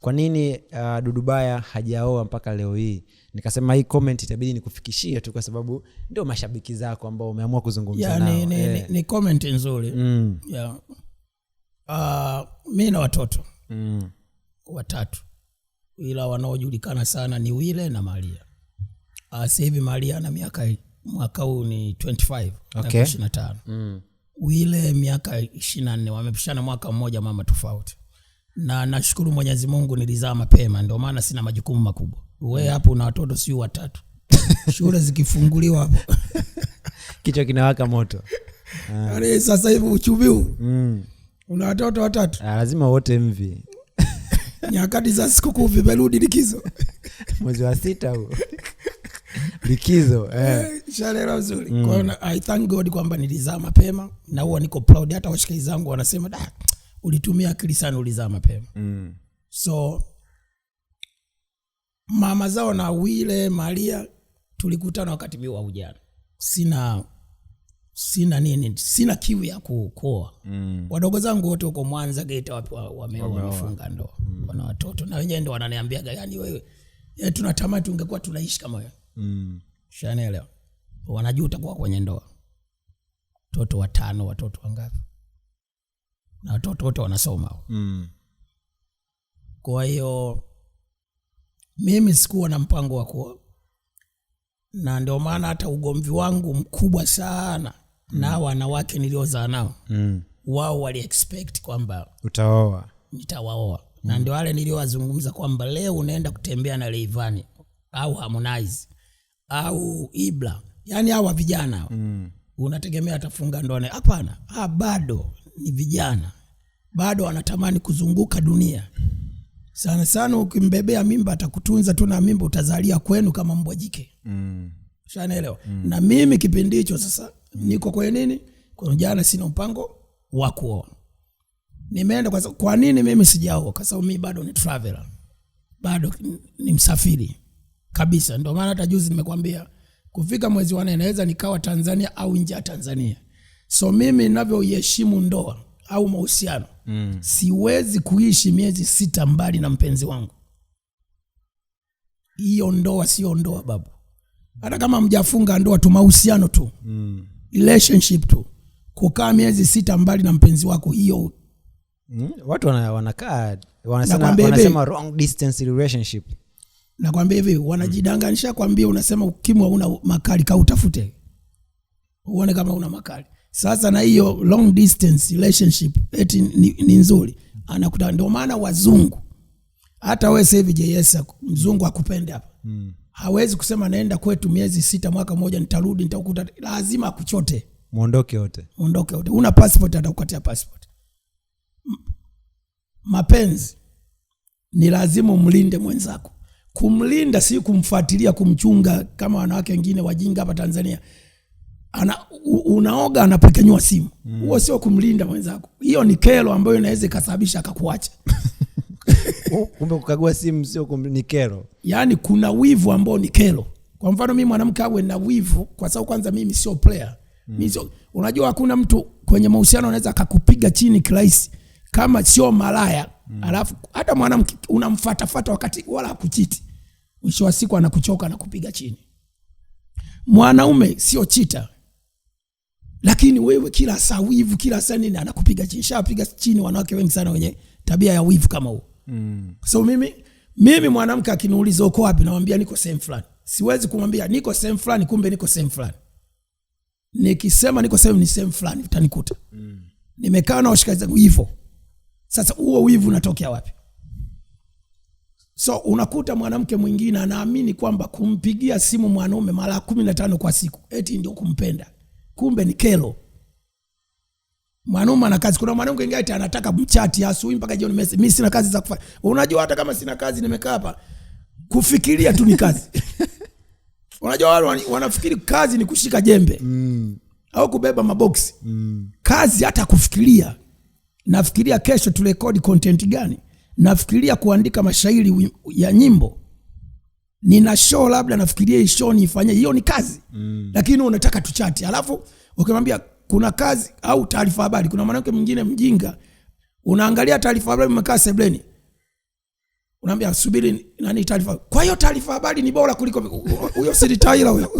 kwa nini uh, Dudubaya hajaoa mpaka leo hii? Nikasema hii comment itabidi nikufikishie tu, kwa sababu ndio mashabiki zako ambao umeamua kuzungumza yeah, nao ni, ni, eh. ni comment nzuri mm. yeah. uh, mi na watoto mm. watatu, ila wanaojulikana sana ni Wile na Maria. Uh, ah, sahivi Maria na miaka mwaka huu ni 25 okay. na 25 mm. Wile miaka 24, wamepishana mwaka mmoja mama tofauti na nashukuru Mwenyezi Mungu nilizaa mapema, ndio maana sina majukumu makubwa. Wewe mm. hapo una watoto sio watatu, shule zikifunguliwa hapo kichwa kinawaka moto. Ah. Yaani sasa hivi uchumi huu mm. una watoto watatu, ah, lazima wote mvi nyakati za sikukuu vimerudi likizo mwezi wa sita huo likizo eh. eh sharera nzuri mm. I thank God kwamba nilizaa mapema na huwa niko proud. Hata washikaji zangu wanasema da ulitumia akili sana, ulizaa mapema mm. so mama zao na Wile Maria tulikutana wakati mi wa ujana, sina sina nini, sina kiu ya kuokoa mm. wadogo zangu wote huko Mwanza geta wapi wameoa wamefunga ndoa mm. wana watoto na wenyewe ndo wananiambiaga, yani wewe ya tunatamani tungekuwa tunaishi kama wewe mm. shanaelewa, wanajuta kuwa kwenye ndoa, watoto watano, watoto wangapi na watoto wote wanasoma mm. kwa hiyo mimi sikuwa na mpango wa ku na ndio maana hata ugomvi wangu mkubwa sana mm. na wanawake niliozaa nao mm. wao wali kwamba utaoa nitawaoa mm. na ndio wale niliowazungumza kwamba leo unaenda kutembea na Leivani au Harmonize au Ibla, yaani hawa vijana mm. unategemea atafunga ndoa? Hapana, ah, bado ni vijana, bado wanatamani kuzunguka dunia sana sana. Ukimbebea mimba atakutunza tu na mimba utazalia kwenu kama mbwa jike mm. Shanaelewa mm. Na mimi kipindi hicho sasa mm. niko kwenye nini, kwenye jana sina mpango wa kuoa nimeenda kwa, kwa nini mimi sijaoa? Kwa sababu mimi bado ni traveler, bado ni msafiri kabisa. Ndio maana hata juzi nimekwambia kufika mwezi wa nne naweza nikawa Tanzania au nje ya Tanzania. So mimi navyoiheshimu ndoa au mahusiano mm. siwezi kuishi miezi sita mbali na mpenzi wangu. Hiyo ndoa sio ndoa babu, hata kama mjafunga ndoa tu, mahusiano tu mm. relationship tu, kukaa miezi sita mbali na mpenzi wako, hiyo mm. watu wanakaa Nakwambia hivi wanajidanganisha, kwambia unasema ukimwa una makali, kautafute uone kama una makali sasa na hiyo long distance relationship eti ni, ni nzuri, anakuta ndio maana wazungu hata wewe sasa hivi JS mzungu akupende hapa hmm. hawezi kusema naenda kwetu miezi sita mwaka mmoja nitarudi nitakuta lazima akuchote muondoke wote, muondoke wote. Una passport atakukatia passport. Mapenzi ni lazima umlinde mwenzako. Kumlinda si kumfuatilia, kumchunga kama wanawake wengine wajinga hapa Tanzania ana, unaoga anapekenyua simu mm. huo mm. Sio kumlinda mwenzako, hiyo ni kero ambayo inaweza ikasababisha akakuacha. Kumbe kukagua simu sio ni kero, yaani kuna wivu ambao ni kero. Kwa mfano mimi mwanamke awe na wivu, kwa sababu kwanza mimi sio player mm. Mimi unajua hakuna mtu kwenye mahusiano anaweza akakupiga chini kirahisi kama sio malaya mm. Alafu hata mwanamke unamfatafata wakati wala akuchiti mwisho wa siku anakuchoka na kupiga chini. Mwanaume sio chita lakini wewe kila saa wivu, kila saa nini, anakupiga chini. Shapiga chini wanawake wengi sana wenye tabia ya wivu kama huo mm. So mimi mimi mwanamke akiniuliza uko wapi, nawambia niko sehemu fulani. Siwezi kumwambia niko sehemu fulani kumbe niko sehemu fulani. Nikisema niko sehemu ni sehemu fulani utanikuta. Mm. Nimekaa na washikaji zangu hivo Sasa huo wivu unatokea wapi? So unakuta mwanamke mwingine anaamini kwamba kumpigia simu mwanaume mara kumi na tano kwa siku eti ndio kumpenda kumbe ni kero. Mwanaume ana kazi. Kuna mwanamke ati anataka mchati asubuhi mpaka jioni, mimi sina kazi za kufanya. Unajua hata kama sina kazi nimekaa hapa kufikiria tu ni kazi. Unajua wale wanafikiri kazi ni kushika jembe mm. au kubeba maboksi mm. Kazi hata kufikiria, nafikiria kesho turekodi content gani, nafikiria kuandika mashairi ya nyimbo nina show labda nafikiria hii show niifanye, hiyo ni kazi mm. Lakini unataka tuchati, alafu ukimwambia kuna kazi au taarifa habari. Kuna mwanamke mwingine mjinga, unaangalia taarifa habari, umekaa sebleni, unaambia subiri nani taarifa. Kwa hiyo taarifa habari ni bora kuliko huyo, si huyo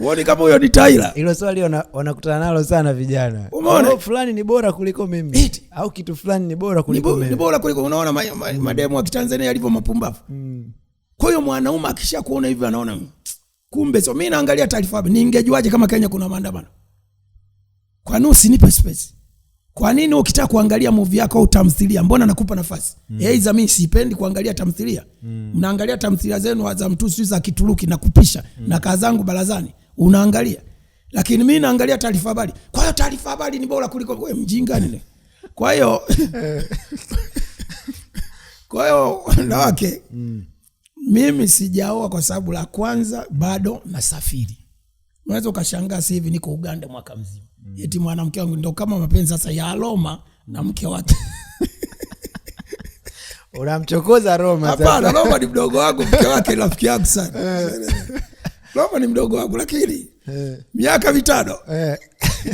Uone kama huyo ni Tyler. Hilo swali wanakutana nalo sana vijana. Umeona? Fulani ni bora kuliko mimi au kitu fulani ni bora kuliko mimi. Ni bora kuliko unaona mademu wa Kitanzania alivyo mapumbavu. mm. Kwa hiyo mwanaume akisha kuona hivyo anaona kumbe sio mimi naangalia taarifa hapa. Ningejuaje kama Kenya kuna maandamano? Kwa nini usinipe space? Kwa nini ukitaka kuangalia movie yako au tamthilia, mbona nakupa nafasi? Mm. Eiza mimi sipendi kuangalia tamthilia. Mm. Mnaangalia tamthilia zenu za mtu sio za Kituruki na kupisha mm. na kazangu barazani unaangalia, lakini mi naangalia taarifa habari. Kwa hiyo taarifa habari ni bora kuliko we mjinga nile. Kwa hiyo kwa hiyo wanawake mimi sijaoa kwa sababu la kwanza bado nasafiri. Unaweza ukashangaa sasa hivi niko Uganda mwaka mzima eti mwanamke wangu ndo kama mapenzi sasa ya Roma na mke wake unamchokoza Roma. Hapana, Roma ni mdogo wangu, mke wake rafiki yangu sana eh. Roma ni mdogo wangu lakini hey. Eh. miaka mitano hey. Eh.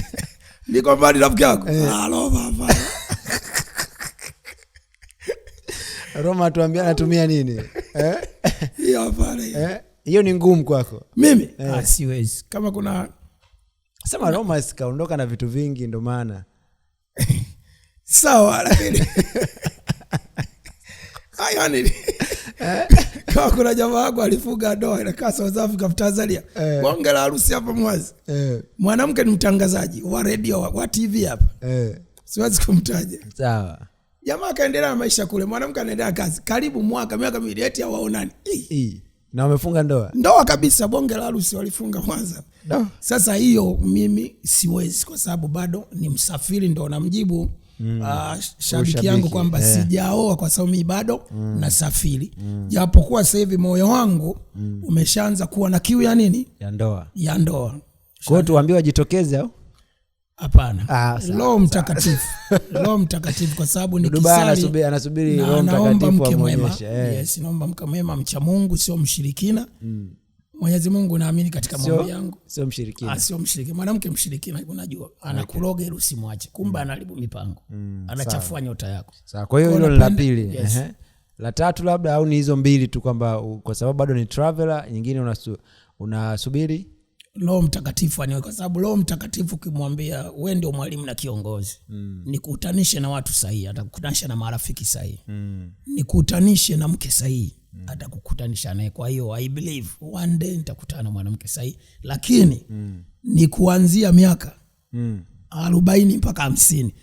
niko mbali rafiki yangu hey. Eh. ah, Roma hapa Roma tuambia anatumia nini eh? hiyo hapa eh? hiyo ni ngumu kwako mimi eh. ah, siwezi kama kuna sema Roma sikaondoka na vitu vingi ndo maana sawa lakini hayo ni kama kuna jamaa wako alifunga ndoa inakaa South Africa Tanzania eh. bonge la harusi hapa mwazi eh. mwanamke ni mtangazaji wa radio wa TV hapa eh. siwezi kumtaja sawa jamaa akaendelea na maisha kule mwanamke anaendelea kazi karibu mwaka miaka miwili eti hawaonani na wamefunga ndoa ndoa kabisa bonge la harusi walifunga mwanza no. sasa hiyo mimi siwezi kwa sababu bado ni msafiri ndo namjibu mm. uh, shabiki yangu kwamba yeah. sijaoa kwa sababu mimi bado mm. nasafiri mm. japokuwa sasa hivi moyo wangu mm. umeshaanza kuwa na kiu ya nini ya ndoa ya ndoa kwa hiyo tuwaambie wajitokeze au Hapana, ah, Roho Mtakatifu, Roho Mtakatifu, kwa sababu nikisali anasubiri Roho Mtakatifu, naomba mke mwema eh. Yes, naomba mke mwema mcha Mungu, sio mshirikina mm. Mwenyezi Mungu naamini katika maombi yangu. Sio mshirikina. Ah, sio mshirikina. Mwanamke mshirikina unajua anakuroga ili usimwache. Kumbe mm. anaharibu mipango. Mm. Anachafua nyota yako. Sawa. Kwa hiyo hilo la pili. La tatu labda au ni hizo mbili tu kwamba kwa sababu bado ni traveler, nyingine unasubiri unasubiri Roho Mtakatifu aniwe kwa sababu Roho Mtakatifu ukimwambia we ndio mwalimu na kiongozi mm. nikutanishe na watu sahihi, atakutanisha na marafiki sahihi mm. nikutanishe na mke sahihi mm. atakukutanisha naye kwa hiyo i believe one day nitakutana na mwanamke sahihi lakini mm. ni kuanzia miaka mm. arobaini mpaka hamsini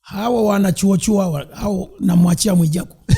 hawa wanachuochua au namwachia mwijaku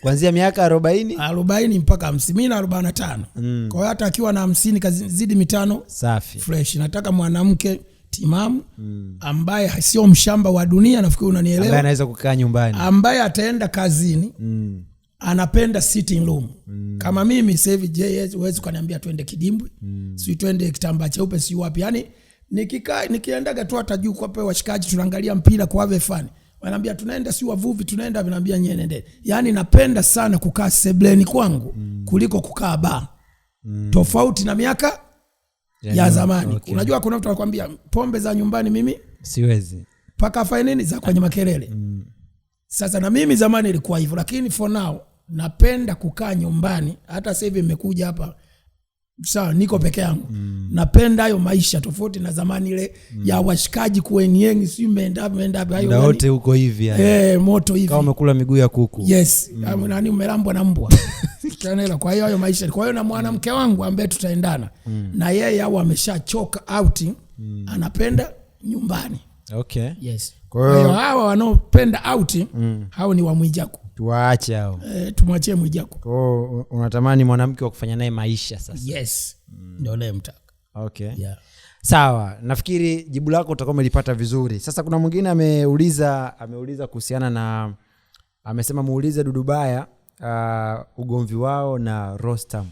kuanzia miaka arobaini arobaini mpaka hamsini mi na arobaini na tano mm. kwa hiyo hata akiwa na hamsini kazidi mitano safi fresh nataka mwanamke timamu mm. ambaye sio mshamba wa dunia, nafikiri unanielewa, anaweza kukaa nyumbani, ambaye ataenda kazini mm. anapenda sitting room mm. kama mimi sasa hivi. Je, huwezi ukaniambia twende kidimbwi mm. si twende kitambaa cheupe, si wapi? Yani nikikaa nikiendaga tu hata juu kwape washikaji, tunaangalia mpira kwa wave fani wanaambia tunaenda, si wavuvi, tunaenda, vinaambia nyie nendeni. Yani napenda sana kukaa sebleni kwangu mm. kuliko kukaa ba mm. tofauti na miaka yani ya zamani okay. Unajua kuna mtu anakuambia pombe za nyumbani mimi siwezi paka nini za kwenye makelele mm. Sasa na mimi zamani ilikuwa hivyo, lakini for now napenda kukaa nyumbani. Hata sasa hivi nimekuja hapa sawa, niko peke yangu mm. Napenda hayo maisha tofauti na zamani ile mm. ya washikaji kuenieni, si mmeenda mmeenda hayo wote huko hivi, yani eh moto hivi, kama umekula miguu ya kuku. Yes mm. nani umelambwa na mbwa Sikianela. Kwa hiyo hayo maisha. Kwa hiyo na mwanamke wangu ambaye tutaendana mm. na yeye au ameshachoka outing mm. anapenda nyumbani. Okay. Yes. Kwa hiyo hawa wanaopenda outing mm. hao ni wamwijaku Mwijaku. Tuwaache hao. E, tumwachie Mwijaku. Kwa hiyo unatamani mwanamke wa kufanya naye maisha sasa. Yes. Mm. Ndio leo mtaka. Okay. Yeah. Sawa, nafikiri jibu lako utakuwa umelipata vizuri. Sasa kuna mwingine ameuliza ameuliza kuhusiana na amesema muulize Dudubaya uh, ugomvi wao na Rostam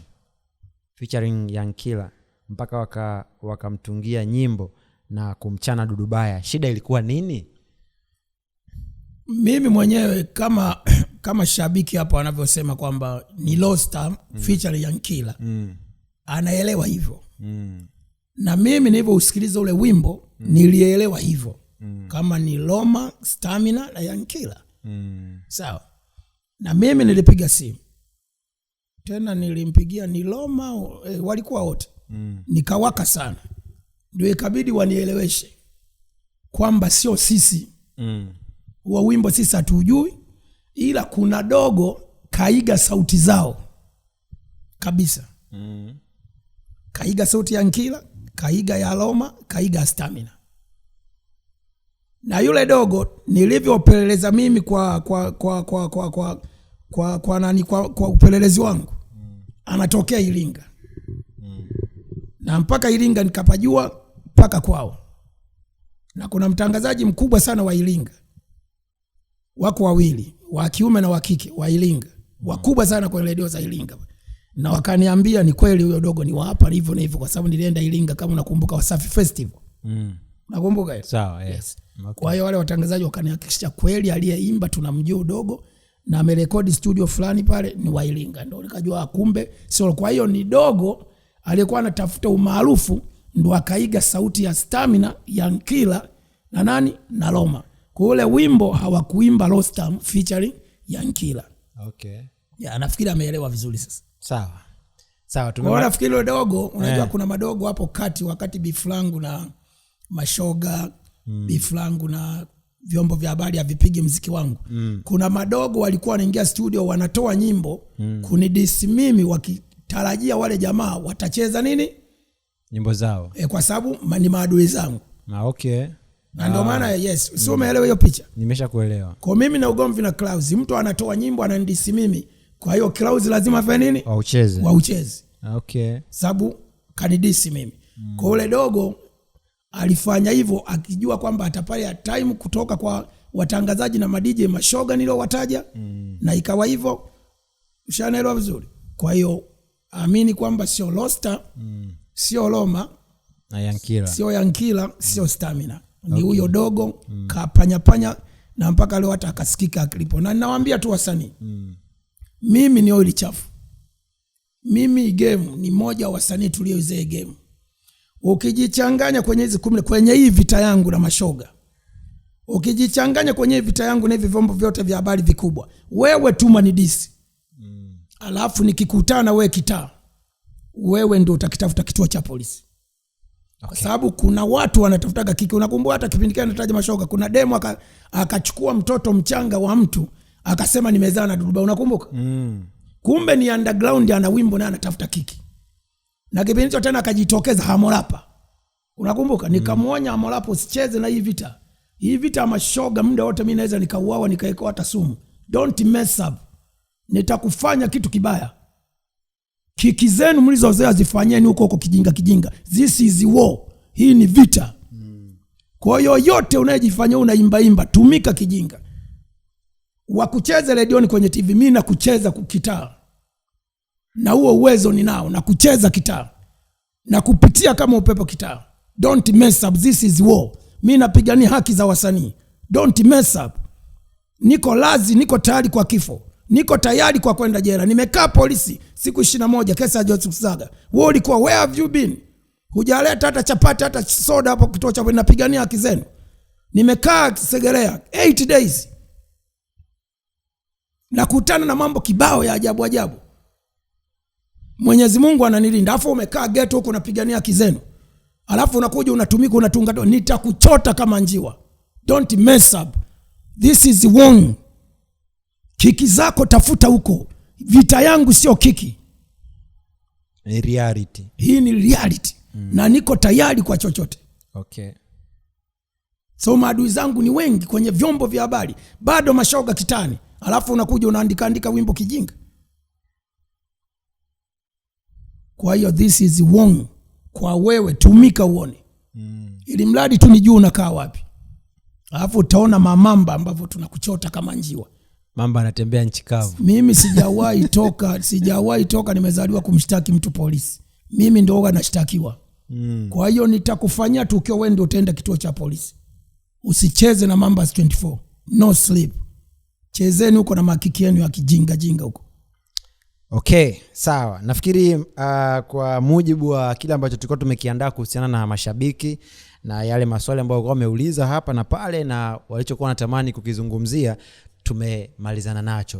featuring Yankila mpaka waka wakamtungia nyimbo na kumchana Dudubaya. Shida ilikuwa nini? Mimi mwenyewe kama kama shabiki hapo anavyosema kwamba ni Rostam mm. featuring Yankila mm. anaelewa hivyo mm. na mimi nilivyousikiliza ule wimbo mm. nilielewa hivyo mm. kama ni Roma Stamina na Yankila mm. sawa so, na mimi nilipiga simu tena, nilimpigia Niloma e, walikuwa wote mm. nikawaka sana, ndio ikabidi wanieleweshe kwamba sio sisi mm. huo wimbo sisi hatuujui, ila kuna dogo kaiga sauti zao kabisa mm. kaiga sauti ya Nkila, kaiga ya Loma, kaiga Stamina na yule dogo nilivyopeleleza mimi kwa, kwa, kwa, kwa, kwa, kwa kwa kwa nani kwa, kwa upelelezi wangu anatokea Iringa na mpaka Iringa nikapajua mpaka kwao, na kuna mtangazaji mkubwa sana wa Iringa, wako wawili wa kiume na wa kike wa Iringa, wakubwa sana kwenye redio za Iringa, na wakaniambia ni kweli huyo dogo ni wapa hapa hivyo na hivyo, kwa sababu nilienda Iringa, kama unakumbuka Wasafi Festival mm. Nakumbuka sawa, yes. yes. Okay. Kwa hiyo wale watangazaji wakanihakikisha kweli aliyeimba tunamjua udogo mm na amerekodi studio fulani pale ni Wailinga, ndo nikajua kumbe sio. Kwa hiyo ni dogo aliyekuwa anatafuta umaarufu, ndo akaiga sauti ya Stamina ya Nkila na nani na Roma. Kwa ule wimbo hawakuimba Rostam featuring ya Nkila. Okay. Ya, nafikiri ameelewa vizuri sasa. Sawa. Sawa, tumeona nafikiri ule dogo unajua yeah. Kuna madogo hapo kati wakati Biflangu na Mashoga mm. Biflangu na vyombo vya habari havipigi mziki wangu mm. kuna madogo walikuwa wanaingia studio wanatoa nyimbo mm. kunidisi mimi wakitarajia wale jamaa watacheza nini nyimbo zao e, kwa sababu ma, ni maadui zangu ah, okay na ndio ah. maana yes si mm. umeelewa hiyo picha nimesha kuelewa kwa mimi na ugomvi na Klaus mtu anatoa nyimbo anandisi mimi kwa hiyo Klaus lazima afanye nini waucheze waucheze ah, okay sababu kanidisi mimi mm. kwa ule dogo alifanya hivyo akijua kwamba atapata time kutoka kwa watangazaji na madije mashoga niliowataja mm. na ikawa hivyo. Ushanaelewa vizuri. Kwa hiyo amini kwamba sio losta mm. sio loma na Yankila sio Yankila mm. sio Stamina ni huyo okay. dogo mm. kapanyapanya na mpaka leo hata akasikika akilipo, na ninawaambia tu wasanii mm. mimi ni oili chafu. Mimi game ni moja wa wasanii tuliozee game Ukijichanganya kwenye hizi kumi, kwenye hii vita yangu na mashoga, ukijichanganya kwenye hii vita yangu na hivi vyombo vyote vya habari vikubwa, wewe tuma nidisi mm. Alafu nikikutana wewe kitaa, wewe ndio utakitafuta kituo cha polisi okay. Kwa sababu kuna watu wanatafutaga kiki. Unakumbuka hata kipindi kile nataja mashoga, kuna demo akachukua aka mtoto mchanga wa mtu akasema nimezaa na duruba. unakumbuka mm. Kumbe ni underground, ana wimbo naye anatafuta kiki na kipindi hicho tena akajitokeza hamorapa unakumbuka? Mm. Nikamwonya mm. hamorapa usicheze na hii vita. Hii vita mashoga, muda wote mi naweza nikauawa nikaekewa hata sumu. Don't mess up, nitakufanya kitu kibaya. Kiki zenu mlizozea zifanyeni huko huko, kijinga kijinga. This is war, hii ni vita. Mm. Kwa hiyo yote unayejifanya unaimbaimba, tumika kijinga. Wakucheze redioni kwenye TV, mi nakucheza kukitaa na huo uwezo ninao na kucheza kitaa na kupitia kama upepo kitaa. Don't mess up, this is war. Mi napigania haki za wasanii. Don't mess up. Niko lazi, niko tayari kwa kifo, niko tayari kwa kwenda jela. Nimekaa polisi siku ishirini na moja kesa ya Joseph Saga. Wewe ulikuwa where have you been? Hujaleta hata chapati hata soda hapo kituo cha napigania haki zenu. Nimekaa Segerea 8 days nakutana na mambo kibao ya ajabu ajabu. Mwenyezi Mungu ananilinda, alafu umekaa geto huko unapigania kizenu, alafu unakuja unatumika unatunga, nitakuchota kama njiwa. Don't mess up, this is wrong. Kiki zako tafuta huko, vita yangu sio kiki. Reality. Hii ni reality mm. Na niko tayari kwa chochote okay. So maadui zangu ni wengi kwenye vyombo vya habari, bado mashoga kitani, alafu unakuja andika wimbo kijinga. Kwa hiyo this is wrong kwa wewe, tumika uone mm. ili mradi tu nijue unakaa wapi, alafu utaona mamamba ambavyo tunakuchota kama njiwa. Mamba anatembea nchi kavu. Mimi sijawahi toka sijawahi toka nimezaliwa kumshtaki mtu polisi, mimi ndo huwa nashtakiwa mm. kwa hiyo nitakufanyia tukio, wewe ndio utaenda kituo cha polisi. Usicheze na Mambas 24 no sleep, chezeni huko na makiki yenu ya kijingajinga huko Okay, sawa. Nafikiri uh, kwa mujibu wa kile ambacho tulikuwa tumekiandaa kuhusiana na mashabiki na yale maswali ambayo walikuwa wameuliza hapa na pale na walichokuwa wanatamani kukizungumzia tumemalizana nacho.